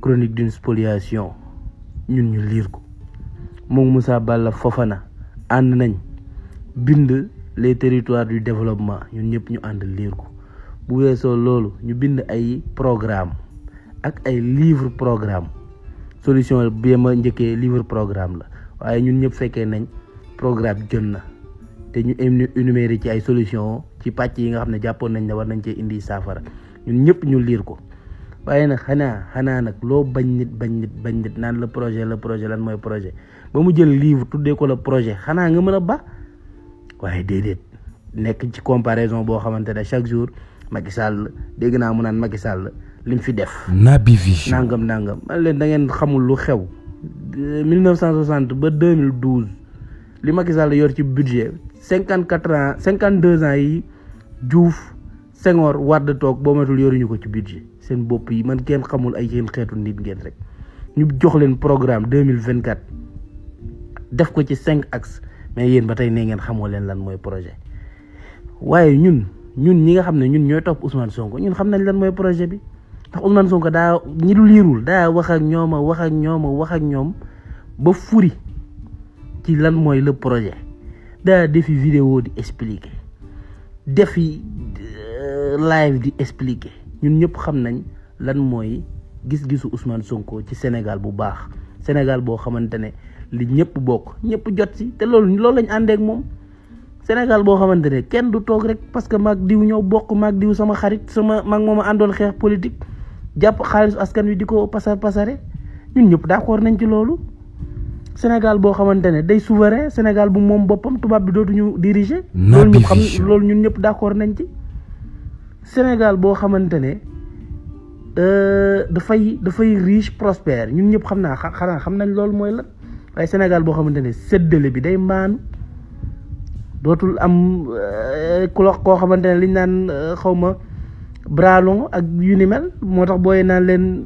chronique d'une spoliation ñun ñu liir ko moom Moussa Balla Fofana ànd nañ bind les territoires du développement ñun ñëpp ñu ànd liir ko bu weesoo loolu ñu bind ay programme ak ay livre programme solution bi ma njëkkee livre programme la waaye ñun ñëpp fekkee nañ programme jën na te ñu énumérer ci ay solution ci pàcc yi nga xam ne jàppoon nañ ne war nañ cee indi saafara ñun ñëpp ñu liir ko waaye nag xanaa xanaa nag loo bañ nit bañ nit bañ nit naan la projet la projet lan mooy projet ba mu jël livre tuddee ko la projet xanaa nga mën a ba waaye déedéet nekk ci comparaison boo xamante ne chaque jour Macky Sall dégg naa mu naan Macky la lim fi def. Naby Vision nangam nàngam man leen da ngeen xamul lu xew. 1960 ba 2012 li Macky Sall yor ci budget 54 cinquante 52 ans yi Diouf. Senghor war da toog boo matul yoruñu ko ci budget seen bopp yi man kenn xamul ay yéen xeetu nit ngeen rek ñu jox leen programme deux mille vingt quatre def ko ci cinq axes mais yéen ba tey nee ngeen xamoo leen lan mooy projet waaye ñun ñun ñi nga xam ne ñun ñooy topp Ousmane Sonko ñun xam nañ lan mooy projet bi ndax Ousmane Sonko daa ñi du liirul daa wax ak ñoom a wax ak ñoom a wax ak ñoom ba furi ci lan mooy le projet daa defi vidéo di expliquer defi live di expliquer ñun ñëpp xam nañ lan mooy gis-gisu Ousmane Sonko ci Sénégal bu baax Sénégal boo xamantene li ñëpp bokk ñëpp jot ci te loolu loolu lañ àndee ak moom Sénégal boo xamantene kenn du toog rek parce que maag diw ñoo bokk maag diw sama xarit sama maag moom andol àndoon xeex politique jàpp askan wi di ko pasar pasare ñun ñëpp d'accord nañ ci loolu Sénégal boo xamantene day souverain Sénégal bu moom boppam tubaab bi dootuñu diriger. loolu ñu xam loolu ñun ñëpp d'accord nañ ci. Sénégal boo xamante ne euh, dafay dafay riche prospère ñun ñëpp xam naa xanaa xam nañ loolu mooy la waaye Sénégal boo xamante ne séddale bi day mbaanu dootul am euh, ku la koo xamante ne liñ naan euh, xawma ma bras ak yu ni mel moo tax booy naan leen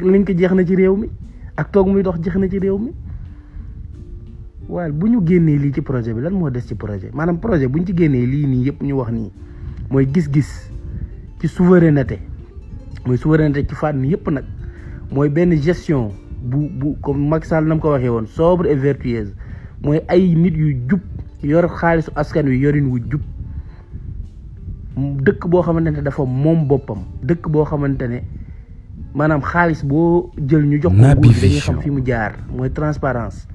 liñ ko jeex na ci réew mi ak toog muy dox jeex na ci réew mi waaye bu ñu génnee lii ci projet bi lan moo des ci projet maanaam projet bu ñu ci génnee lii nii yëpp ñu wax nii mooy gis-gis ci souveraineté moy souveraineté ci fànn yëpp nag mooy benn gestion bu bu comme Macky Sall na ko waxee woon sobre et vertueuse mooy ay nit yu jub yor xaalisu askan wi yorin wu jub dëkk boo xamante ne dafa moom boppam dëkk boo xamante ne maanaam xaalis boo jël ñu jox ko nguur dañuy xam fi mu jaar mooy transparence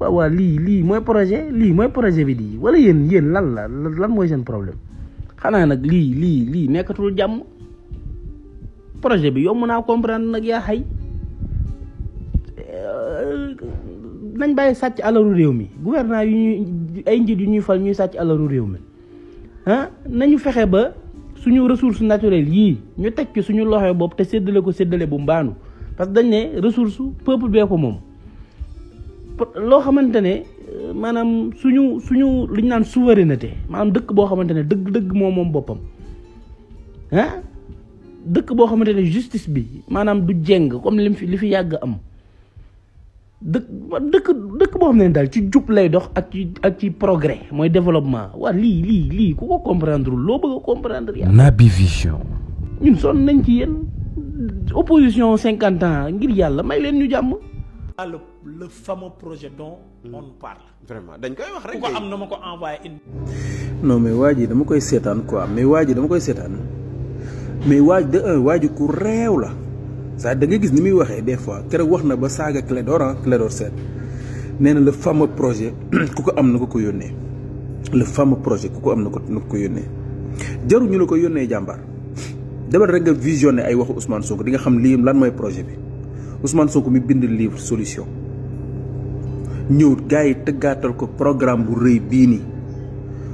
waaw waaw lii lii mooy projet lii mooy projet bi di wala yéen yéen lan la lan mooy seen problème xanaa nag lii lii lii nekkatul jàmm projet bi yomb naa comprendre nag yaa xay euh, nañ bàyyi sàcc alalu réew mi gouvernement yu ñuy ay njiit yu ñuy fal ñuy sàcc alalu réew mi ah nañu fexe ba suñu ressource naturelle yii ñu teg ci suñu loxo bopp te séddale ko séddale bu mbaanu parce que dañ ne ressource peuple bee ko moom loo xamante ne maanaam suñu suñu li ñu naan souveraineté maanaam dëkk boo xamante ne dëgg-dëgg moom moom boppam ah dëkk boo xamante ne justice bi maanaam du jeng comme li fi li fi yàgg am dëkk dëkk dëkk boo xam ne daal ci jub lay dox ak ci ak ci progrès mooy développement waa lii lii lii ku ko comprendre loo bëgg a comprendre yaa Naby Vision ñun sonn nañ ci yéen opposition cinquante ans ngir yàlla may leen ñu jàmm pas le le projet dont hmm. on parle. vraiment dañ koy wax rek. ku ko am na ma ko envoyé une. no mais waa ji dama koy seetaan quoi mais waa ji dama koy seetaan mais waa ji de un euh, waa ji ku réew la saa da nga gis ni muy waxee des fois keroog wax na ba saaga Clédor ah Clédor Sène nee na le fameux projet ku ko am na ko ko yónnee la fameux projet ku ko am na ko na ko yónnee jaru ñu la ko yónnee jàmbar demal rek nga visionné ay waxu Ousmane Sonko di nga xam lii lan mooy projet bi. Ousmane Sonko mi bind livre solution ñeuw gaay teggatal ko programme bu reuy bi ni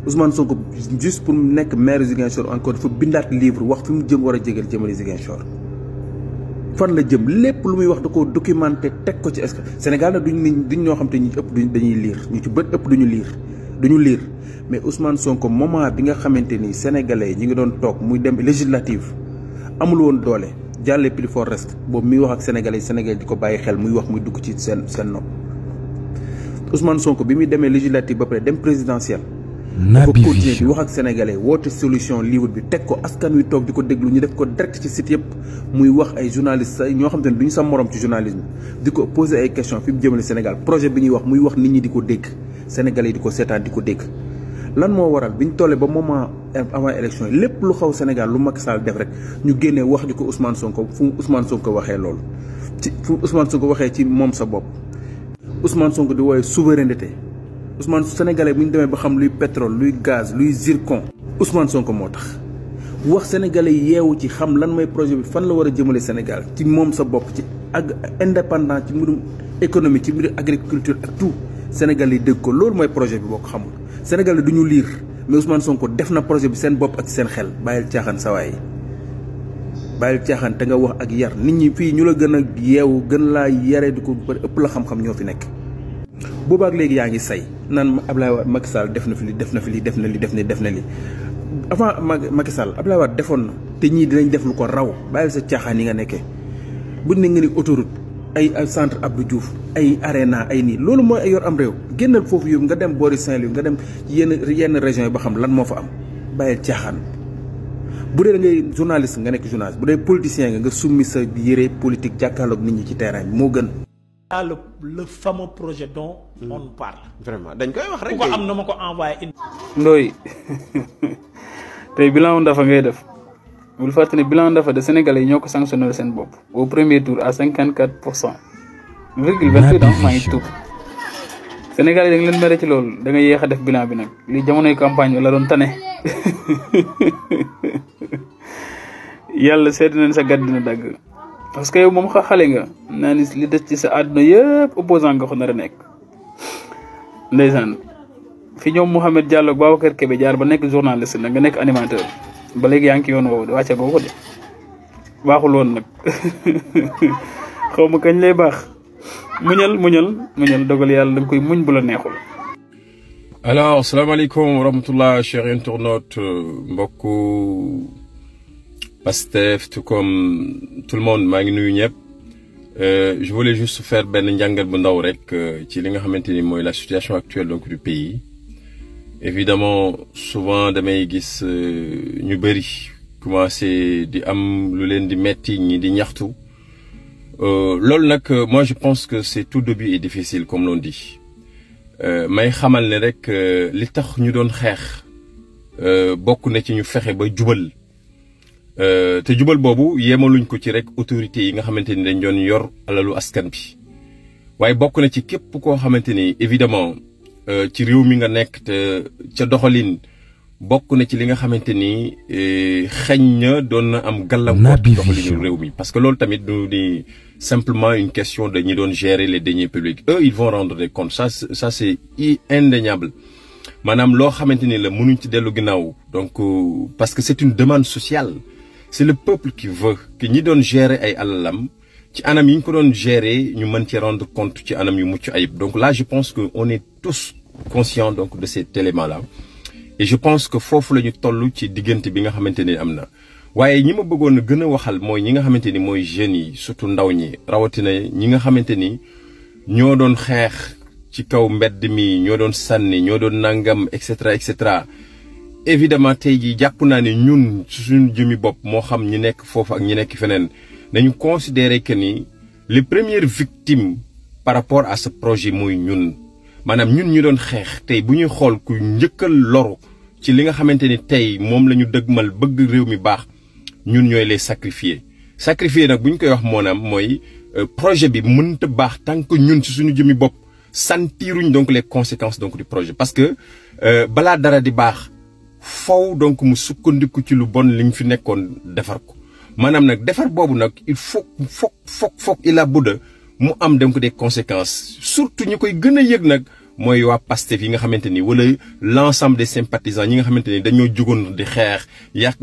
Ousmane Sonko juste pour nek nekk maire Ziguinchor encore faut bindaat livre wax fi jëm wara a jégal jëmale Ziguinchor fan la jëm lepp lu muy wax da koo documenté ko ci est-ce que Sénégal nag duñ ni duñ ñoo xam ñi ëpp duñ dañuy lire. ñu ci bëtt ëpp duñu lire duñu lire mais Ousmane Sonko moment bi nga xamante ni sénégalais ñi ngi doon tok muy dem législative amul won doole. Diallo plus fort reste boobu muy wax ak sénégalais sénégalais di ko bàyyi xel muy wax muy dugg ci seen seen nopp Ousmane Sonko bi muy demee législative ba dem présidentielle. Nabi continuer di wax ak sénégalais woote solution livre bi teg ko askan wi toog di ko déglu ñu def ko direct ci site yëpp muy wax ay journaliste ñoo xam te ne du morom ci journalisme di ko poser ay questions. fi mu Sénégal projet bi ñuy wax muy wax nit ñi di dégg sénégalais di ko seetaan di dégg lan mo waral biñ ñu ba moment avant élection yi lépp lu xaw Sénégal lu Macky Sall def rek ñu génnee wax ju ko Ousmane Sonko fu Ousmane Sonko waxé lool ci fu Ousmane Sonko waxé ci mom sa bop Ousmane Sonko di woy souveraineté Ousmane Sénégalais bu démé ba xam luy pétrole luy gaz luy zircon Ousmane Sonko motax wax sénégalais yéwu ci xam lan moy projet bi fan la wara a Sénégal ci mom sa bop ci ag indépendant ci mbirum économie ci mbirum agriculture ak tout Sénégal yi dégg ko lool moy projet bi bok xamul sénégalais duñu lire mais Ousmane Sonko def na projet bi sen bop ak sen xel bayil tiaxan sa waay bàyyil caaxaan te nga wax ak yar nit ñi fi ñu la gëna yew gën la yare di ko ëpp la xam-xam ño fi nek boobaak léegi definitely yaangi say nan Ablaye Wade Macky Sall def na fi li def na fi li def na li def na def na li avant Macky Ablaye Wade defon te ñi dinañ def lu ko raw bayil sa tiaxan yi nga nekké bu ne nga ni autoroute ay centre Abdou Diouf ay arena ay nii loolu mooy ay yor am réew génnal foofu yóbbu nga dem boori Saint-Louis nga dem yenn yenn régions yi ba xam lan moo fa am bàyyil caaxaan bu dee da ngay journaliste nga nekk journaliste bu dee politicien nga nga summi sa yére politique jàkkaarloog nit ñi ci terrain bi moo gën. ah le le projet dont hmm. on parle. vraiment dañ koy wax rek. ku ko am na ma ko envoyé. Ndoye tey bilan dafa ngay def. bul fàttali bilan dafa de sénégalais yi ñoo ko sanctionné seen bopp au premier tour à cinquante quatre pour cent virgule vingt huit maa ngi tuub sénégalais yi da leen mere ci loolu da nga yéex a def bilan bi nag li jamonoy campagne bi la doon tane yàlla seet nañ sa gàdd dina dagg parce que moom xa xale nga naa ni li des ci sa àdduna yëpp opposant nga ko nar a nekk ndeysaan fi ñoom Mouhamed Diallo ak Babacar Kébé jaar ba nekk journaliste nag nga nekk animateur ba léegi yaa ngi ci yoon woowu de wàcce goo ko de baaxul woon nag xaw ma kañ lay baax muñal muñal muñal dogal yàlla da koy muñ bu la neexul. alors salam wa rahmatullah chers internautes euh, mbokku Pastef tout comme tout le monde maa ngi nuyu ñëpp euh, je voulais juste faire ben n'jangal bu ndaw rek euh, ci li nga xamante ni mooy la situation actuelle donc du pays évidemment souvent damay gis euh, ñu bari commencé di am lu leen di metti ñi di ñaxtu euh, loolu nak euh, moi je pense que c'est tout début est difficile comme l'on dit may xamal ne rek li tax ñu doon euh bokku na ci ñu fexé ba jubal te jubal bobu yémaluñ ko ci rek autorité yi nga xamante dañ doon yor alalu askan bi waye bokku na ci képp ko xamante évidemment euh, ci réew mi nga nek te ca doxalin bokku na ci li nga xamanteni eh, xagn na doon na am galam parce que loolu tamit du ni simplement une question de ñi doon gérer les deniers publics eux ils vont rendre des comptes ça ça c'est indéniable manam lo xamanteni maintenu la mënuñ ci delu ginaaw donc euh, parce que c'est une demande sociale c'est le peuple qui veut que ñi doon gérer ay alalam ci anam yi ko doon gérer ñu mën ci rendre compte ci anam yu muccu ayib donc là je pense que on est tous conscients donc de cet élément là et je pense que fofu la ñu toll ci diggante bi nga xamanteni amna waye ñima bëggoon waxal moy ñi nga xamanteni moy mooy yi surtout ndaw ñi na ñi nga xamanteni ño doon ci kaw mbedd mi ño doon sanni ño doon nangam etc etc évidemment tay jii japp na ni ñun suñu jëmi bop mo xam ñi nekk fofu ak ñi nekk fenen nous considérer que ni les premières victimes par rapport à ce projet mooy ñun maanaam ñun ñu doon xeex Tay, bu nous xool ku njëkkal loru ci li nga xamante ni tey moom la ñu dëgmal bëgg mi baax ñun les sacrifier sacrifier nag bu ñu koy wax moonaam mooy euh, projet bi mënta baax tant que ñun ci suñu jëmi bop sentiruñ donc les conséquences donc du projet parce que euh, bala dara di baax faw donc mu sukkandiku ci lu bon liñ fi nekkoon defar ko manam nak défar bobu il faut faut, faut, il mu am dem ko des conséquences surtout il gëna nga l'ensemble des sympathisants ñi nga xamanteni de dañoo di xeex yak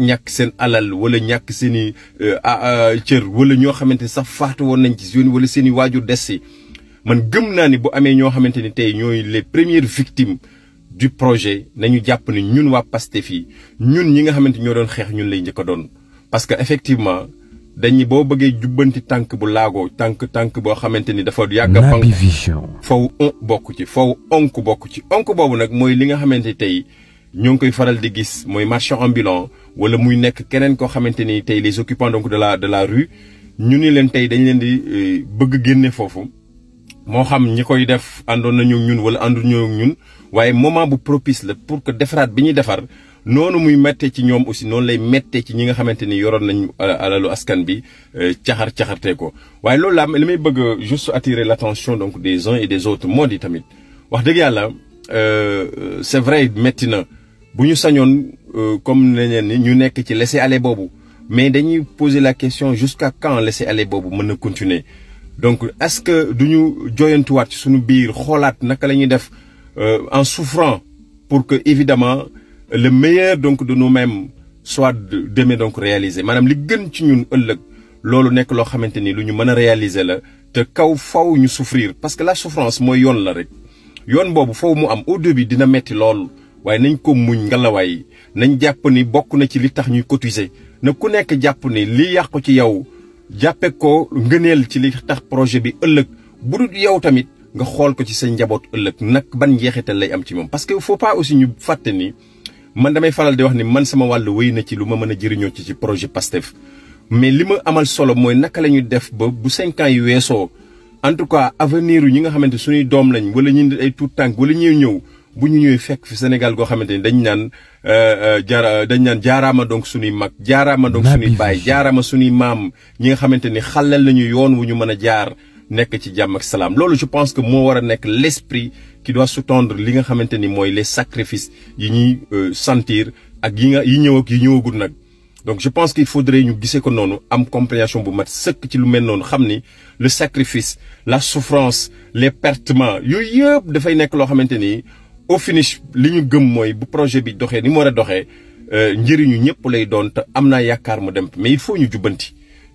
alal wala seni euh euh cër wala ño xamanteni faatu won nañ ci zone wala seni man gëm ni bu les premières victimes du projet nañu japp ni ñun wa pasté ñun nga parce que effectivement dañu bo bëggee jubbanti tank bu lago tank tank bo xamanteni dafa yàgg a pank faw on bokk ci faw onk bokk ci onk bobu nak moy li nga xamanteni tay ñoo ngi koy faral di gis moy marchand ambulant wala muy nek kenen ko xamanteni tay les occupants donc de la de la rue ñu ni len tay dañ len di euh, bëgg génné fofu mo xam ñi koy def andon nañu ñun wala andu ñu ñun waye moment bu propice la pour que defaraat bi ñuy defar noonu muy méttee ci ñom aussi non lay méttee ci ñi nga xamanteni ni yoroon nañ euh, alalu askan bi euh, caxar caxartee ko waaye loolu la bëgg juste attirer l'attention donc des uns et des autres moo di tamit wax yalla euh c'est vrai metti na bu ñu euh, comme ne ni ñu nekk ci laisser-aller bobu mais dañuy poser la question jusqu'à quand laisser-aller bobu mëna continuer donc est-ce que duñu wat ci suñu biir xolaat naka lañuy def en souffrant pour que évidemment le meilleur donc de nous-mêmes soit demain donc réalisé manam li gën ci ñun ëllëg lolu nek lo xamanteni lu ñu mëna réaliser la te kaw faaw ñu souffrir parce que la souffrance moy yoon la rek yoon bobu faaw mu am au début dina metti lool waye nañ ko muñ ngalaway nañ japp ni bokku na ci li tax ñuy cotiser na ku nek japp ni li yàqu ci yow jàppe ko ngëneel ci li tax projet bi ëllëg bu dul yow tamit nga xol ko ci sa njaboot ëllëg nak ban njeexital lay am ci mom parce que faut pas aussi ñu fàtte ni man damay faral di wax ni man sama wàll wéy na ci lu ma mën a jëriñoo ci ci projet PASTEF mais li ma amal solo mooy naka la ñuy def ba bu cinq ans weesoo en tout cas avenir ñi nga xamante suñuy doom lañ wala ñu di ay tuut tànk wala ñuy ñëw bu ñu ñëwee fekk fi Sénégal goo xamante ni dañ naan euh, euh, jaara dañ naan jaaraama donc suñuy mag jaaraama donc suñuy baay jaaraama suñuy maam ñi nga xamante ni xalal lañu yoon wu ñu mën a jaar nek ci jàmm ak salam loolu je pense que mo wara nek l'esprit qui doit sous-tendre li nga xamanteni moy les sacrifices yi ñi euh, sentir ak yi nga yi ak yi ñewugul nak donc je pense qu'il faudrait ñu gisee ko nonu am compréhension bu mat sëkk ci lu mel non xamni le sacrifice la souffrance les pertements yooyu yëpp da fay nek lo xamanteni au finish li ñu gëm moy bu projet bi doxé ni mo war doxé euh njëriñu ñëpp lay doon te amna mu dem mais il faut ñu jubanti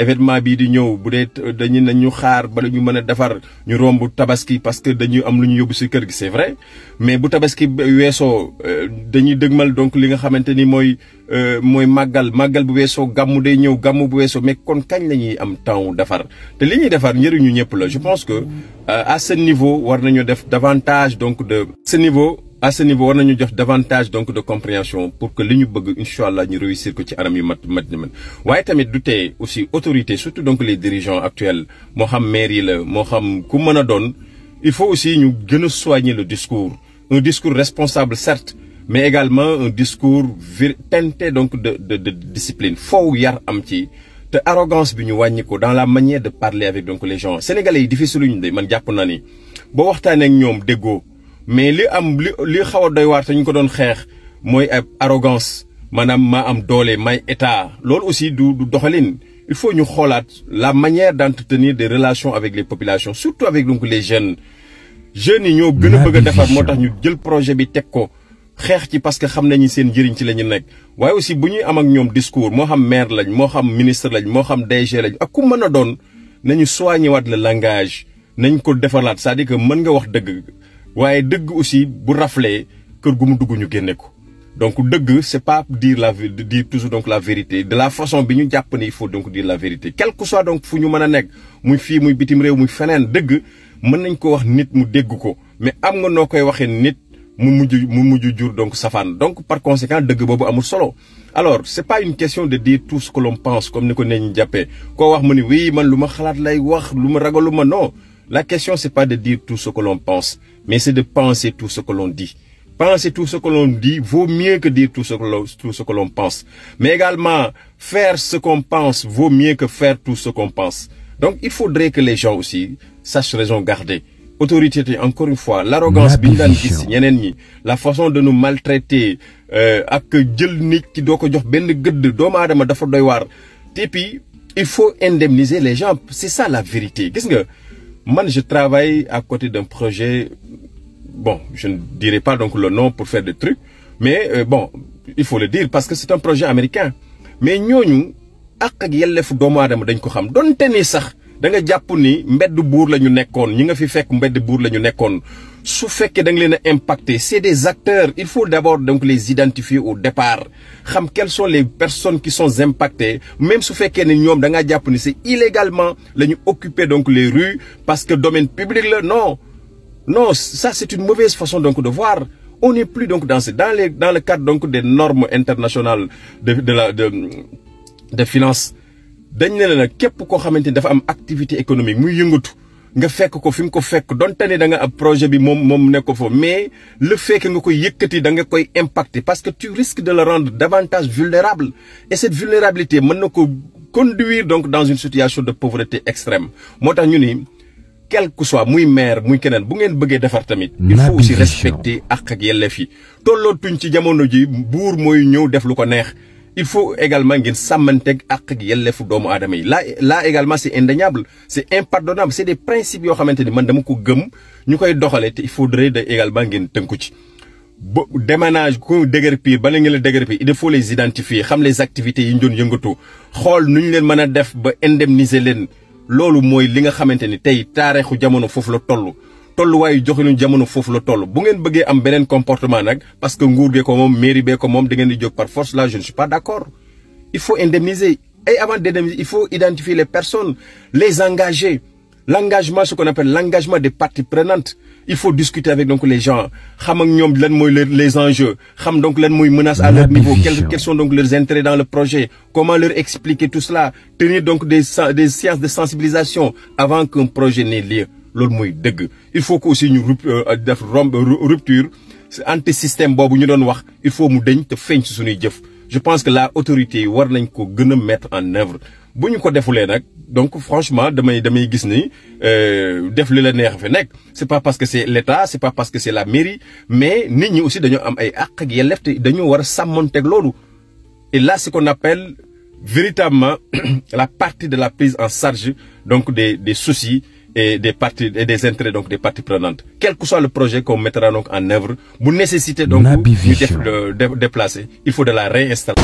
événement bi di ñëw bu dé dañu ñu xaar ba ñu rombu tabaski parce que dañu am lu ñu kër gi c'est vrai mais bu tabaski wesso euh, dañuy dëgmal donc li nga xamanteni moy euh, moy magal magal bu wesso gamu day ñëw gamu mais kon kañ am temps defar té li ñuy ñëru ñu ñëpp la je pense que euh, à ce niveau davantage donc de ce niveau à ce niveau war nañu jox davantage donc de compréhension pour que li ñu bëgg incha ñu réussir ko ci anam yu mat mat man waye tamit du té aussi autorité surtout donc les dirigeants actuels mo xam maire yi la xam ku il faut aussi ñu gëna soigner le discours un discours responsable certes mais également un discours vir teinté donc de de de discipline faut yar am ci te arrogance bi ñu dans la manière de parler avec donc les gens sénégalais yi difficile ñu man japp na ni bo waxtane ak ñom dégo mais li am li li xaw doy waar te ko don xex moy arrogance manam ma am doole may état lool aussi du du doxalin il faut ñu xoolaat la manière d'entretenir des relations avec les populations surtout avec donc les jeunes jeunes yi ñoo gëna bëgg a motax ñu jël projet bi teg ko ci parce que xam nañu seen jëriñ ci la nek nekk aussi bu ñuy am ak ñom discours mo xam maire lañ mo xam ministre lañ mo xam DG lañ ak ku mëna don nañu wat le langage nañ ko defaraat c'est-à-dire que mën wax dëgg waye deug aussi bu raflé keur gu mu ñu génne ko donc deug c'est pas dire la dire toujours donc la vérité de la façon bi ñu jàpp il faut donc dire la vérité quel que soit donc fu ñu mën a muy fi muy bitim rew muy fenen deug mën nañ ko wax nit mu dégg ko mais am nga noo koy nit mu muju mu muju jur donc safane donc par conséquent deug bobu amul solo alors c'est pas une question de dire tout ce que l'on pense comme niko ko jappé ko wax ma ni oui man luma xalat lay wax luma ragaluma non la question, c'est pas de dire tout ce que l'on pense, mais c'est de penser tout ce que l'on dit. Penser tout ce que l'on dit vaut mieux que dire tout ce que l'on pense. Mais également, faire ce qu'on pense vaut mieux que faire tout ce qu'on pense. Donc, il faudrait que les gens aussi sachent raison garder. Autorité, encore une fois, l'arrogance, la façon de nous maltraiter, euh, ak puis il faut indemniser les gens c'est ça la vérité Qu'est-ce que... Moi, je travaille à côté d'un projet, bon, je ne dirai pas donc le nom pour faire des trucs, mais euh, bon, il faut le dire parce que c'est un projet américain. Mais Nous ak ak nous, nous nous, dañ ko xam donte ni sax da nga nous, ni mbedd nous fi mbedd nous ce qui da impacté c'est des acteurs il faut d'abord donc les identifier au départ quelles sont les personnes qui sont impactées même sous que que c'est illégalement les occuper donc les rues parce que domaine public non non ça c'est une mauvaise façon donc de voir on n'est plus donc dans dans dans le cadre donc des normes internationales de de la de finance dañ activité économique nga fekk ko fi mu ko fekk donte ne da nga ab projet bi moom moom ne ko fa mais le fait que nga koy yëkkati da nga koy impacter parce que tu risques de le rendre davantage vulnérable et cette vulnérabilité mën na ko conduire donc dans une situation de pauvreté extrême moo tax ñu ni quel que soit muy maire muy keneen bu ngeen bëggee defar tamit il faut aussi respecter ak ak yelleef yi tuñ ci jamono ji buur mooy ñëw def lu ko neex il faut également ngeen sàmmanteeg àq ak yelleefu doomu aadama yi laa là également c'est indéniable c'est impardonnable c'est des yoo xamante ni man dama ko gëm ñu koy doxalee te il faudrait de également ngeen tënku ci. ba déménage ku déguerpir bala ngeen la déguerpir il faut les identifier xam les activités yi ñu doon xool nu ñu leen mën a def ba indemniser leen loolu mooy li nga xamante ni tey taarixu jamono foofu la toll. tolluwaayu joxinu jamono foofu la toll bu ngeen bëggee am beneen comportement nag parce que nguur gee ko moom mairie bee ko moom da ngeen di jóg par force là je ne suis pas d'accord il faut indemniser et avant d'indemniser il faut identifier les personnes les engager l'engagement ce qu'on appelle l'engagement des parties prenantes il faut discuter avec donc les gens xam ak ñoom lan mooy les enjeux xam donc lan mooy menace à leur niveau quels quels sont donc leurs intérêts dans le projet comment leur expliquer tout cela tenir donc des des séances de sensibilisation avant qu'un projet n'ait lieu loolu il faut que aussi ñu euh, def rupture anti système boobu ñu doon wax il faut mu deñ te feeñ ci suñuy je pense que la autorité war nañ ko gën mettre en œuvre bu ko defulee nag donc franchement damay damay gis ni euh, def li neex fi c'est pas parce que c'est l'État c'est pas parce que c'est la mairie mais nit ñi aussi dañu am ay àq ak yelleef te dañoo war s'amonter sàmmonteeg et là ce qu'on appelle véritablement la partie de la prise en charge donc des des soucis et des parties et des intérêts donc des parties prenantes quel que soit le projet qu'on mettra donc en œuvre vous nécessitez donc de déplacer il faut de la réinstaller